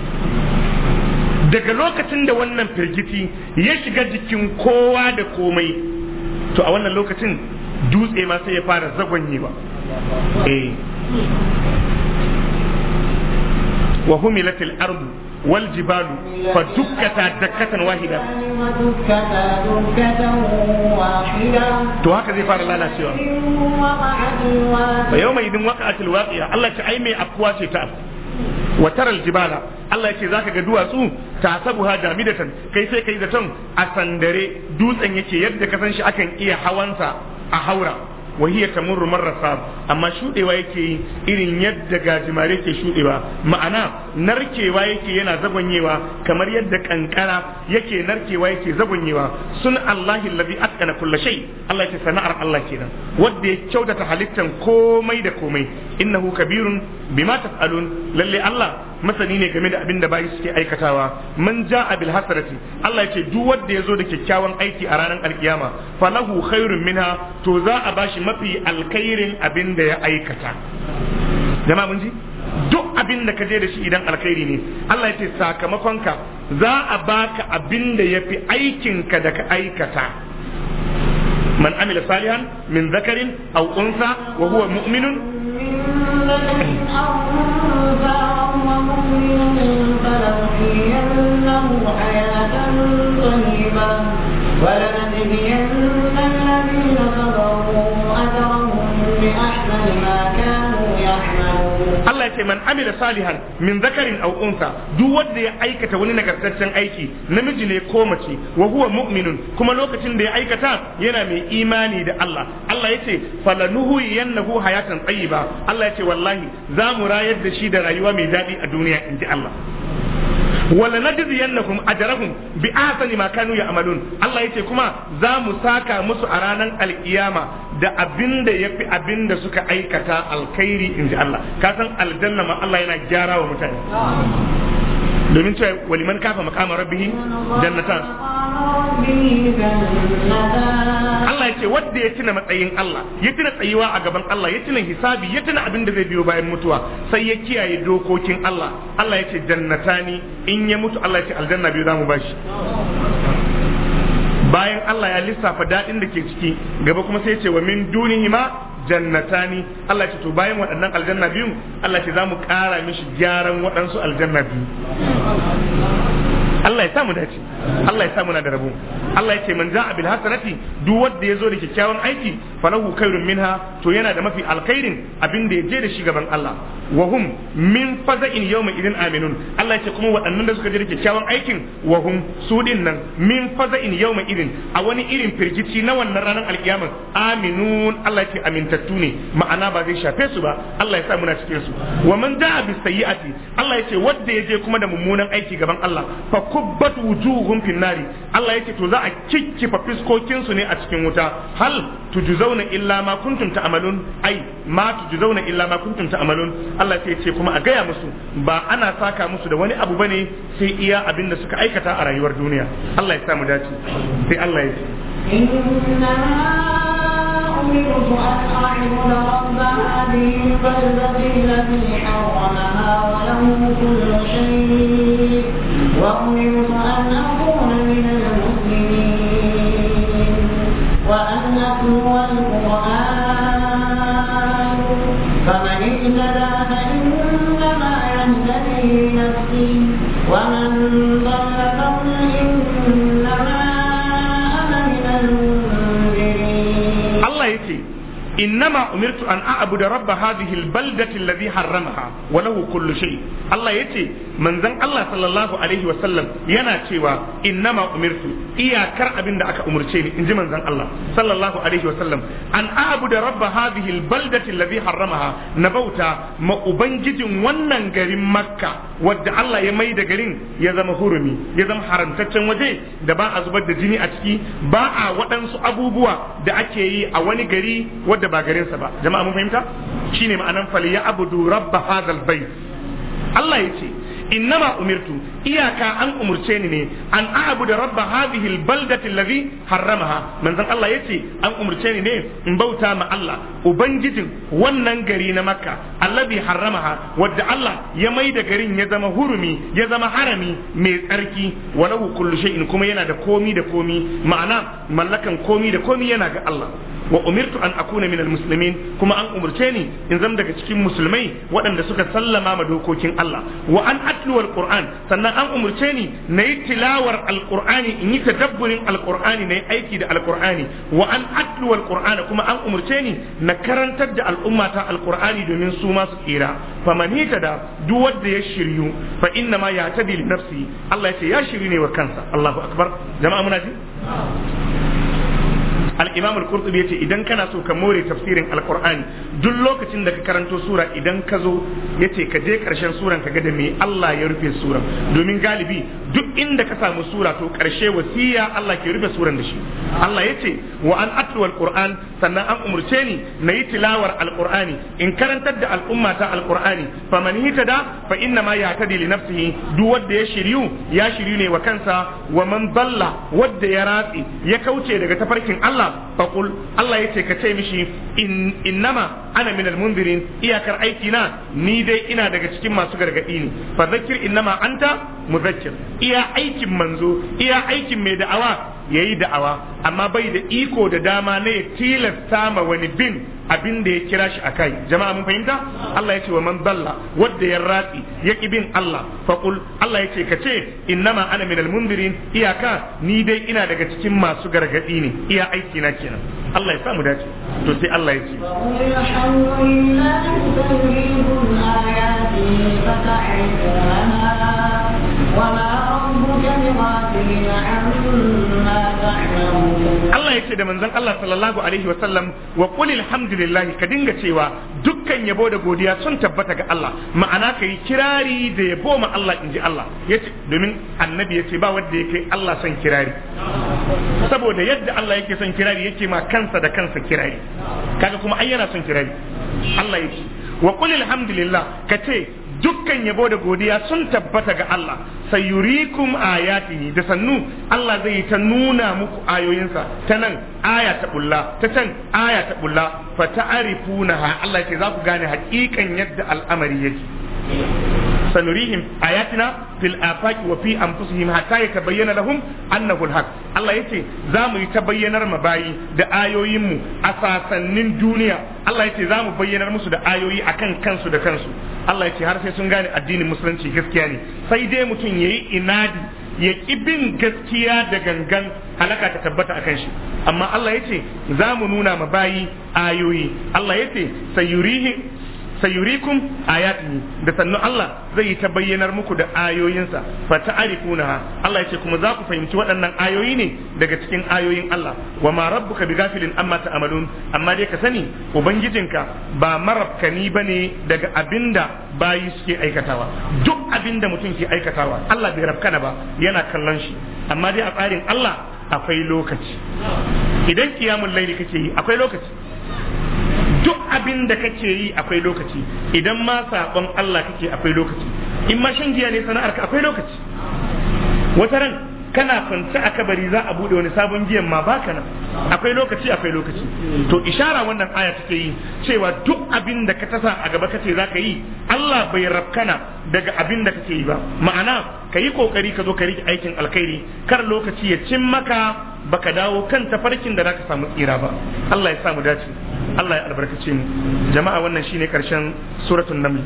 daga lokacin da wannan firgiti ya shiga jikin kowa da komai to a wannan lokacin dutse ma sai ya fara zagonyewa eh wa humilatil ardu wal jibalu fa dukkata dakkatan wahida to haka zai fara lalacewa mai yawma idin waqa'atil waqi'a Allah ta ai mai afkuwa ce ta afku wa taral jibala Allah yace zaka ga duwatsu ta sabuha jamidatan kai sai kai zaton a sandare dutsen yake yadda ka san shi akan iya hawansa a haura wa hiya tamurru marrasab amma shuɗewa yake yi irin yadda gajimare ke shuɗewa ma'ana narkewa yake yana zagonyewa kamar yadda kankara yake narkewa yake zagonyewa sun Allahi allazi atqana kulli shay Allah ya sana'ar Allah kenan wanda ya kyautata halittan komai da komai innahu kabirun bima taf'alun lallai Allah masani ne game da abin da bayi suke aikatawa man ja bil hasanati Allah ya ce duk wanda yazo da kyakkyawan aiki a ranar alkiyama falahu khairun minha to za a bashi mafi alkhairin abin da ya aikata jama'a mun ji duk abin da ka je da shi idan alkhairi ne Allah ya ce sakamakonka za a baka abin da ya fi aikinka da ka aikata man amila salihan min zakarin aw unsa wa huwa mu'minun ce man amila salihan min zakarin aw unsa duk wanda ya aikata wani nagartaccen aiki namiji ne ko mace wa huwa mu'minun kuma lokacin da ya aikata yana mai imani da Allah Allah yace falanuhu yannahu hayatan tayyiba Allah yace wallahi za mu rayar da shi da rayuwa mai daɗi a duniya inji Allah wala najziyannahum ajrahum bi ahsani ma ya ya'malun Allah ce kuma za mu saka musu a ranar alkiyama da abinda yafi abinda suka aikata alkhairi ji Allah ka san aljanna ma Allah yana gyara wa mutane domin cewa waliman kafa makama rabbihi jannatan Allah ya ce wanda ya tuna matsayin Allah ya tuna tsayuwa a gaban Allah ya tuna hisabi ya tuna abin da zai biyo bayan mutuwa sai ya kiyaye dokokin Allah Allah ya ce ni in ya mutu Allah ya ce aljanna biyu zamu bashi bayan Allah ya lissafa daɗin da ke ciki gaba kuma sai ya ce wa min dunihima jannatani Allah ce to bayan waɗannan aljanna biyu Allah ce za mu ƙara mishi gyaran waɗansu aljanna biyu Allah ya samu dace Allah ya samu na da rabu Allah ya ce man ja'a bil hasanati duk wanda ya zo da kyakkyawan aiki falahu khairun minha to yana da mafi alkhairin abin da ya je da shi gaban Allah wa hum min faza'in yawma idin aminun Allah ya ce kuma waɗannan da suka je da kyakkyawan aikin wa hum su din nan min faza'in yawma idin a wani irin firgici na wannan ranar alkiyama aminun Allah ya ce amintattu ne ma'ana ba zai shafe su ba Allah ya samu na cikin su wa man ja'a bis sayyi'ati Allah ya ce wanda ya je kuma da mummunan aiki gaban Allah fa kubbat wujuhum fin nari Allah yake to za a kikkifa fiskokin su ne a cikin wuta hal tujzauna illa ma kuntum ta'malun ai ma tujzauna illa ma kuntum ta'malun Allah sai ce kuma a gaya musu ba ana saka musu da wani abu bane sai iya abin da suka aikata a rayuwar duniya Allah ya samu dace sai Allah ya ce أمرت أن أعبد رب هذه البلدة التي حرمها كل شيء وأمرت أن أكون من المسلمين وأن أتلو القرآن فمن اهتدى فإنما يهتدي لنفسه ومن ضل innama umirtu an a'budu rabba hadhihi albaldati alladhi harramaha wa lahu kullu shay Allah yace manzon Allah sallallahu alaihi wa sallam yana cewa innama umirtu iyakar abinda aka umurce ni inji manzon Allah sallallahu alaihi wa sallam an a'budu rabba hadhihi albaldati alladhi harramaha na bauta ma ubangijin wannan garin Makka wadda Allah ya mai da garin ya zama hurumi ya zama haramtaccen waje da ba a zubar da jini a ciki ba a waɗansu abubuwa da ake yi a wani gari wadda wanda ba gare sa ba jama'a mun fahimta shine ma'anan ya abudu rabba hadal bait Allah ya ce innama umirtu iyaka an umurce ni ne an a'budu rabba hadhihi albaldati allazi harramaha manzon Allah yace an umurce ni ne in bauta ma Allah ubangijin wannan gari na Makka allazi harramaha wadda Allah ya mai da garin ya zama hurumi ya zama harami mai tsarki walahu kullu shay'in kuma yana da komi da komi ma'ana mallakan komi da komi yana ga Allah wa umirtu an akuna minal muslimin kuma an umurce ni in zama daga cikin musulmai waɗanda suka sallama ma dokokin Allah wa an atluwa alquran sannan an umurce ni nayi tilawar alqur'ani in yi tadabburin alqur'ani nayi aiki da alqur'ani wa an atluwa alqur'ana kuma an umurce ni na karantar da al'umma ta alqur'ani domin su ma su tsira faman da duk wanda ya shiryu fa inna ma yatadi li nafsi Allah ya ce ya shiri ne wa kansa Allahu akbar jama'a muna al-imam ya ce yace idan kana so ka more tafsirin alkur'ani duk lokacin da ka karanto sura idan ka zo yace ka je karshen suran ka ga da me Allah ya rufe suran domin galibi duk inda ka samu sura to karshe wasiya Allah ke rufe suran da shi Allah ya ce wa an atlu al sannan an umurce ni na yi tilawar alkur'ani in karantar da al'umma ta alkur'ani qurani faman da? fa inna ma yahtadi li nafsihi duk wanda ya shiryu ya shiryu ne wa kansa wa man dalla wanda ya ratsi ya kauce daga tafarkin Allah faqul Allah yace ka ce mishi innama ana minal munzirin iyakar aiki na ni dai ina daga cikin masu gargaɗi ne fa zakir innama anta muzakkir iya aikin manzo iya aikin mai da'awa ya yi da'awa amma bai da iko da dama na ya tilasta ma wani bin abin da ya kira shi a kai jama'a mun fahimta Allah ya ce wa man dalla wadda ya ratsi ya ki bin Allah faqul Allah ya ce ka ce innama ana minal mundirin iyaka ni dai ina daga cikin masu gargadi ne iya aiki na kenan Allah ya samu dace to sai Allah ya ce وما ربك بغافل Allah ya ce da manzon Allah sallallahu alaihi wa wa qul alhamdulillah ka dinga cewa dukkan yabo da godiya sun tabbata ga Allah ma'ana kai kirari da yabo ma Allah inji Allah yace domin annabi yace ba wanda yake Allah son kirari saboda yadda Allah yake son kirari yake ma kansa da kansa kirari kaga kuma ai yana son kirari Allah yake wa qul alhamdulillah ka ce dukkan yabo da godiya sun tabbata ga Allah sai yurikum ayatihi da sannu Allah zai yi ta nuna muku ayoyinsa ta nan aya ta bulla ta can aya ta bulla fa ta'rifunaha Allah ce za ku gane hakikan yadda al'amari yake sanurihim ayatina fil afaqi wa fi anfusihim hatta yatabayyana lahum annahu alhaq Allah yace za mu yi ta bayyanar ma bayi da ayoyin mu a sasannin duniya Allah yace za mu bayyanar musu da ayoyi akan kansu da kansu Allah yace har sai sun gane addinin musulunci gaskiya ne sai dai mutum yayi inadi ya ƙi bin gaskiya da gangan halaka ta tabbata akan shi amma Allah ya ce za mu nuna ma bayi ayoyi Allah ya ce sayurihi sayurikum ayatihi da sannu Allah zai yi ta bayyanar muku da ayoyinsa fa ta'rifuna Allah yace kuma za ku fahimci waɗannan ayoyi ne daga cikin ayoyin Allah wa ma rabbuka bighafilin amma ta'malun amma dai ka sani ubangijinka ba marabkani bane daga abinda bayi suke aikatawa duk abinda mutum ke aikatawa Allah bai rabkana ba yana kallon shi amma dai a tsarin Allah akwai lokaci idan kiyamul laili kake yi akwai lokaci duk abin da kake yi akwai lokaci idan ma saƙon Allah kake akwai lokaci in ma shan giya ne sana'arka akwai lokaci wata ran kana kwance a kabari za a bude wani sabon giyan ma baka nan akwai lokaci akwai lokaci to ishara wannan aya take yi cewa duk abin da ka tasa a gaba kace za ka yi Allah bai rabkana daga abin da kake yi ba ma'ana ka yi kokari ka zo ka rike aikin alkhairi kar lokaci ya cin maka baka dawo kan tafarkin da zaka samu tsira ba Allah ya samu dace Allah ya albarkace mu jama'a wannan shine karshen suratul naml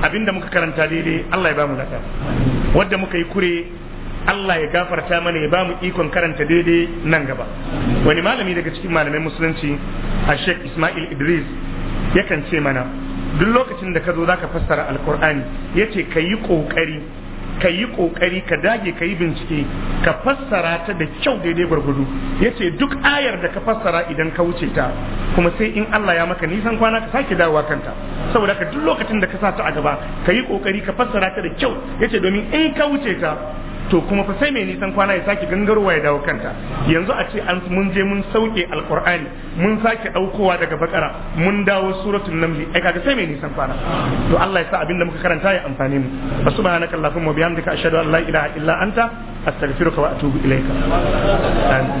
abinda muka karanta daidai Allah ya ba mu lada wanda muka yi kure Allah ya gafarta mana ya bamu ikon karanta daidai nan gaba wani malami daga cikin malamai musulunci a Sheikh Ismail Idris yakan ce mana duk lokacin da ka zo zaka fassara alkur'ani yace ka yi kokari ka yi kokari ka dage ka yi bincike ka fassara ta da kyau daidai gwargwado ya ce duk ayar da ka fassara idan ka wuce ta kuma sai in Allah ya maka nisan kwana ka sake dawowa kanta saboda ka duk lokacin da ka sa ta a gaba ka yi kokari ka fassara ta da kyau ya ce domin in ka wuce ta to kuma fa sai mai nisan kwana ya sake gangarowa ya dawo kanta yanzu a ce an mun je mun sauke alqur'ani mun sake daukowa daga bakara mun dawo suratul namli ai kaga sai mai nisan kwana to Allah ya sa abin da muka karanta ya amfane mu subhanaka allahumma wa bihamdika ashhadu an la ilaha illa anta astaghfiruka wa atubu ilaika amin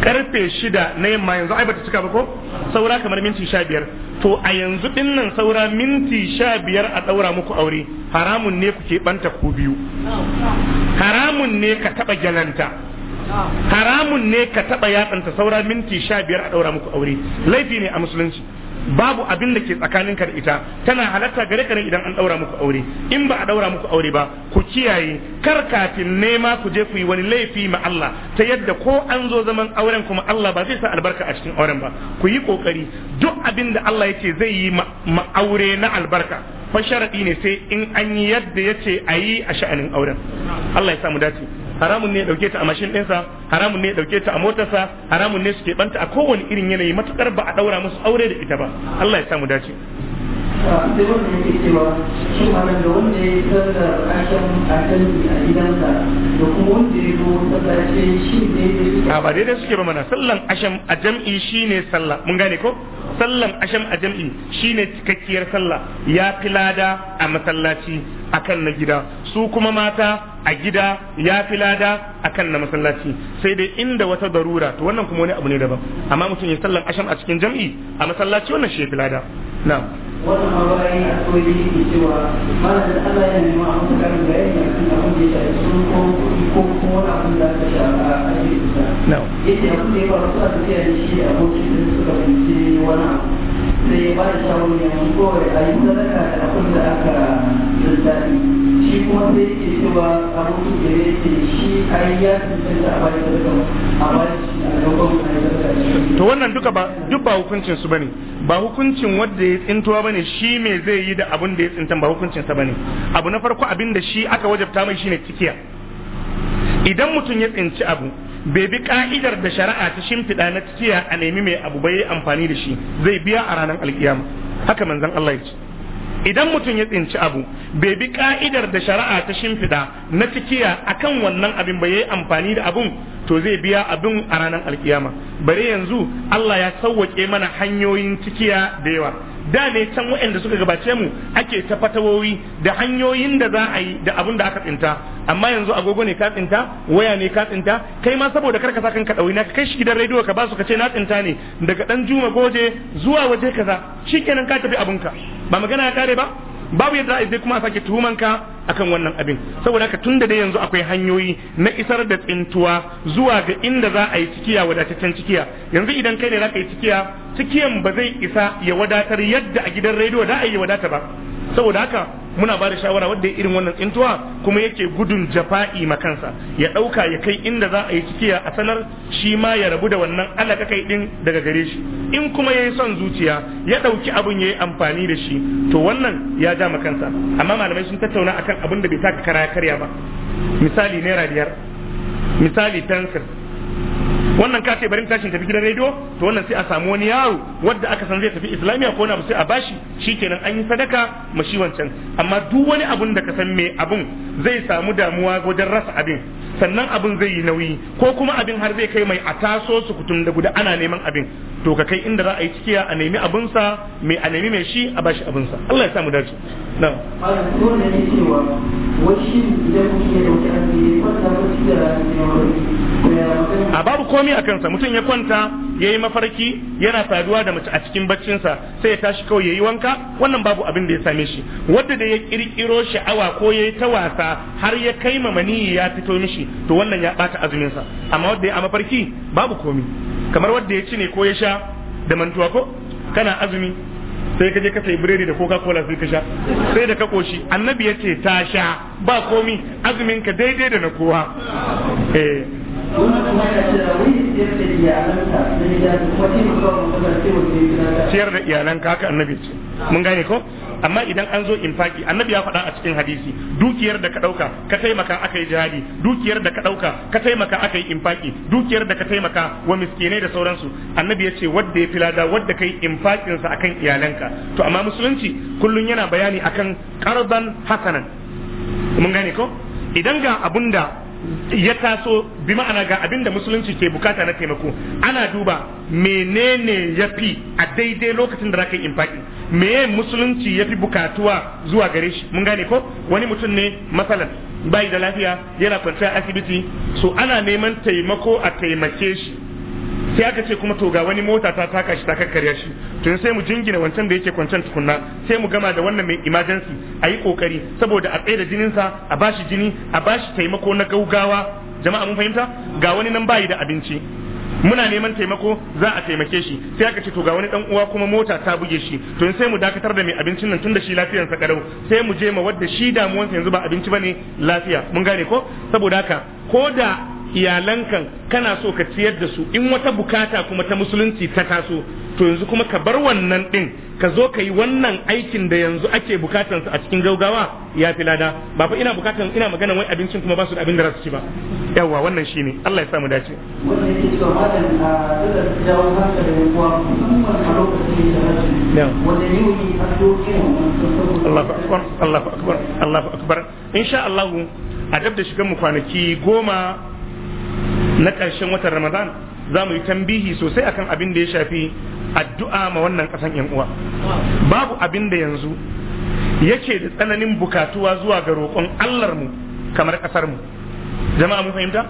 karfe shida na yamma yanzu ai bata cika ba ko saura kamar minti sha biyar to a yanzu din nan saura minti sha biyar a ɗaura muku aure haramun ne kuke banta ku biyu haramun ne ka taɓa gyalanta haramun ne ka taɓa yatsanta saura minti sha biyar a ɗaura muku aure laifi ne a musulunci babu abin da ke tsakanin ka da ita tana halatta gare ka idan an daura muku aure in ba a daura muku aure ba ku kiyaye kar kafin nema ku je ku yi wani laifi ma Allah ta yadda ko an zo zaman auren kuma Allah ba zai sa albarka a cikin auren ba ku yi kokari duk abin da Allah yake zai yi ma aure na albarka fa sharadi ne sai in an yi yadda yace ayi a sha'anin auren Allah ya samu dace haramun ne dauke ta a mashin ɗinsa haramun ne dauke ta a motarsa haramun ne suke banta a kowane irin yanayi matukar ba a daura musu aure da ita ba Allah ya samu dace wanda cewa sallar a gidansa shi ne a ba daidai suke ba mana sallan ashen a jam'i shine sallah mun gane ko sallan asham a jam'i shi ne cikakkiyar sallah ya fi lada a masallaci akan na gida su kuma mata a gida ya fi lada akan na masallaci sai dai inda wata darura to wannan kuma wani abu ne daban amma mutum ya sallan asham a cikin jam'i a masallaci wannan shi ya fi lada na'am wannan ma bayan a soyi yake cewa mana da Allah ya nema a mutu karin bayani a kan abin da ya shafi sun ko kuɗi ko kuma wani abin da aka shafa a cikin isa. Yace abin da ya faru suna tafiya da shi abokin da suka fahimci wani abu. sai ba da shawari yanzu kawai a yi sadaka da abin da aka lissafi shi kuma sai yake cewa abokin da ya ce shi ai ya cancanta a bayan sadaka a bayan shi a gaban a yi sadaka to wannan duka ba duk ba hukuncin su bane ba hukuncin wanda ya tsintuwa bane shi me zai yi da abin da ya tsintan ba hukuncin sa bane abu na farko abin da shi aka wajabta mai shine tikiya idan mutum ya tsinci abu bai bi ka'idar da shari'a ta shimfiɗa na tikiya a nemi mai abu bai amfani da shi zai biya a ranar alkiyama haka manzon Allah ya ce idan mutum ya tsinci abu bai bi ka'idar da shari'a ta shimfiɗa na tikiya akan wannan abin bai yayi amfani da abun to zai biya abin a ranar alkiyama bare yanzu Allah ya sauwake mana hanyoyin cikiya da yawa da ne can wa'anda suka gabace mu ake ta fatawowi da hanyoyin da za a yi da abin da aka tsinta amma yanzu agogo ne ka tsinta waya ne ka tsinta kai ma saboda karka sa kanka ɗauri na ka kai shi gidan rediyo ka ba su ka ce na tsinta ne daga ɗan juma goje zuwa waje kaza shikenan ka tafi abinka ba magana ya kare ba babu yadda a zai kuma a sake tuhuman ka akan wannan abin saboda haka tun da dai yanzu akwai hanyoyi na isar da tsintuwa zuwa ga inda za a yi cikiya wadataccen cikiya yanzu idan kai ne za ka yi cikiya cikiyan ba zai isa ya wadatar yadda a gidan rediyo da a yi wadata ba saboda haka muna ba da shawara wanda irin wannan tsintuwa kuma yake gudun jafa'i makansa ya ɗauka ya kai inda za a yi cikiya a sanar shi ma ya rabu da wannan alaka kai din daga gare shi in kuma ya yi son zuciya ya ɗauki abin ya yi amfani da shi to wannan ya ja makansa amma malamai sun tattauna akan abin da bai taka kara karya ba misali naira biyar misali fensir wannan ka ce barin tashin tafi gidan rediyo to wannan sai a samu wani yaro wanda aka san zai tafi islamiya ko na ba sai a bashi shikenan an yi sadaka ma shi wancan amma duk wani abun da ka san me abun zai samu damuwa wajen rasa abin sannan abin zai yi nauyi ko kuma abin har zai kai mai a taso su kutum da guda ana neman abin to ka kai inda za a yi cikiya a nemi abin sa mai a nemi mai shi a bashi abin sa Allah ya samu dace na'am cewa shi idan kuke da wani Komi a kansa mutum ya kwanta ya yi mafarki yana saduwa da mace a cikin baccinsa sai ya tashi kawai ya yi wanka wannan babu abin da ya same shi wadda da ya kirkiro sha'awa ko ya yi ta wasa har ya kai ma maniyi ya fito mishi to wannan ya bata azuminsa amma wadda ya a mafarki babu komai kamar wadda ya ci ne ko ya sha da mantuwa ko kana azumi sai ka je ka sayi biredi da coca cola sai ka sha sai da ka koshi annabi ya ce ta sha ba komi azumin ka daidai da na kowa eh. ciyar da iyalan annabi ce mun gane ko amma idan an zo infaki annabi ya faɗa a cikin hadisi dukiyar da ka ɗauka ka taimaka aka yi jihadi dukiyar da ka ɗauka ka taimaka aka yi infaki dukiyar da ka taimaka wa miskinai da sauransu annabi ya ce wadda ya fi lada wadda ka yi infakinsa akan iyalanka to amma musulunci kullum yana bayani akan ƙarban hasanan mun gane ko idan ga abun da ya taso bi ma'ana ga abin da musulunci ke bukata na taimako ana duba menene ya fi a daidai lokacin da za ka yi infaki meye musulunci ya fi bukatuwa zuwa gare shi mun gane ko wani mutum ne matsalan bai da lafiya yana kwanciya asibiti so ana neman taimako a taimake shi sai aka ce kuma to ga wani mota ta taka shi ta kakkarya shi to sai mu jingina wancan da yake kwancan tukunna sai mu gama da wannan mai emergency a yi kokari saboda a tsaye da sa a bashi jini a bashi taimako na gaugawa jama'a mun fahimta ga wani nan bayi da abinci muna neman taimako za a taimake shi sai aka ce to ga wani dan uwa kuma mota ta buge shi to sai mu dakatar da mai abincin nan tunda shi sa karau sai mu je ma wadda shi damuwansa yanzu ba abinci bane lafiya mun gane ko saboda haka ko da iyalankan kana so ka ciyar da su in wata bukata kuma ta musulunci ta taso to yanzu kuma ka bar wannan din ka zo ka yi wannan aikin da yanzu ake bukatan a cikin gaugawa ya fi lada ba fa ina bukatan ina magana wai abincin kuma ba su da abin da za su ci ba yawa wannan shine Allah ya samu dace ah, Allah akbar Allah akbar Allah akbar insha Allah a dab da shigan mu kwanaki goma na ƙarshen watan ramadan za mu yi tambihi sosai akan abin da ya shafi addu'a ma wannan ƙasan yan uwa babu abin da yanzu yake da tsananin bukatuwa zuwa ga roƙon allar mu kamar ƙasar mu jama'a mun fahimta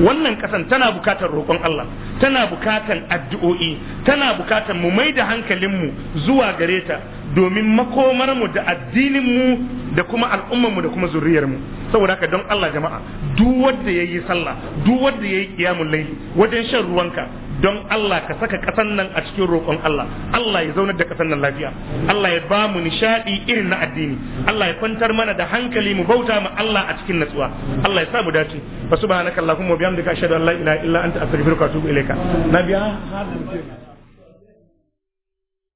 wannan kasan tana bukatar roƙon Allah tana bukatar addu'o'i tana bukatar mu mai da hankalinmu zuwa gare ta domin makomarmu da addininmu da kuma al'ummarmu da kuma zuriyarmu saboda haka don Allah jama'a duk wanda yayi sallah duk wanda yayi qiyamul layl wajen shan ruwanka don Allah ka saka kasan nan a cikin roƙon Allah Allah ya zaunar da kasan nan lafiya Allah ya ba mu nishaɗi irin na addini Allah ya kwantar mana da hankali mu bauta ma Allah a cikin natsuwa Allah ya sa mu dace fa subhanakallahumma wa bihamdika ashhadu an la ilaha illa anta astaghfiruka wa atubu ilaika nabiya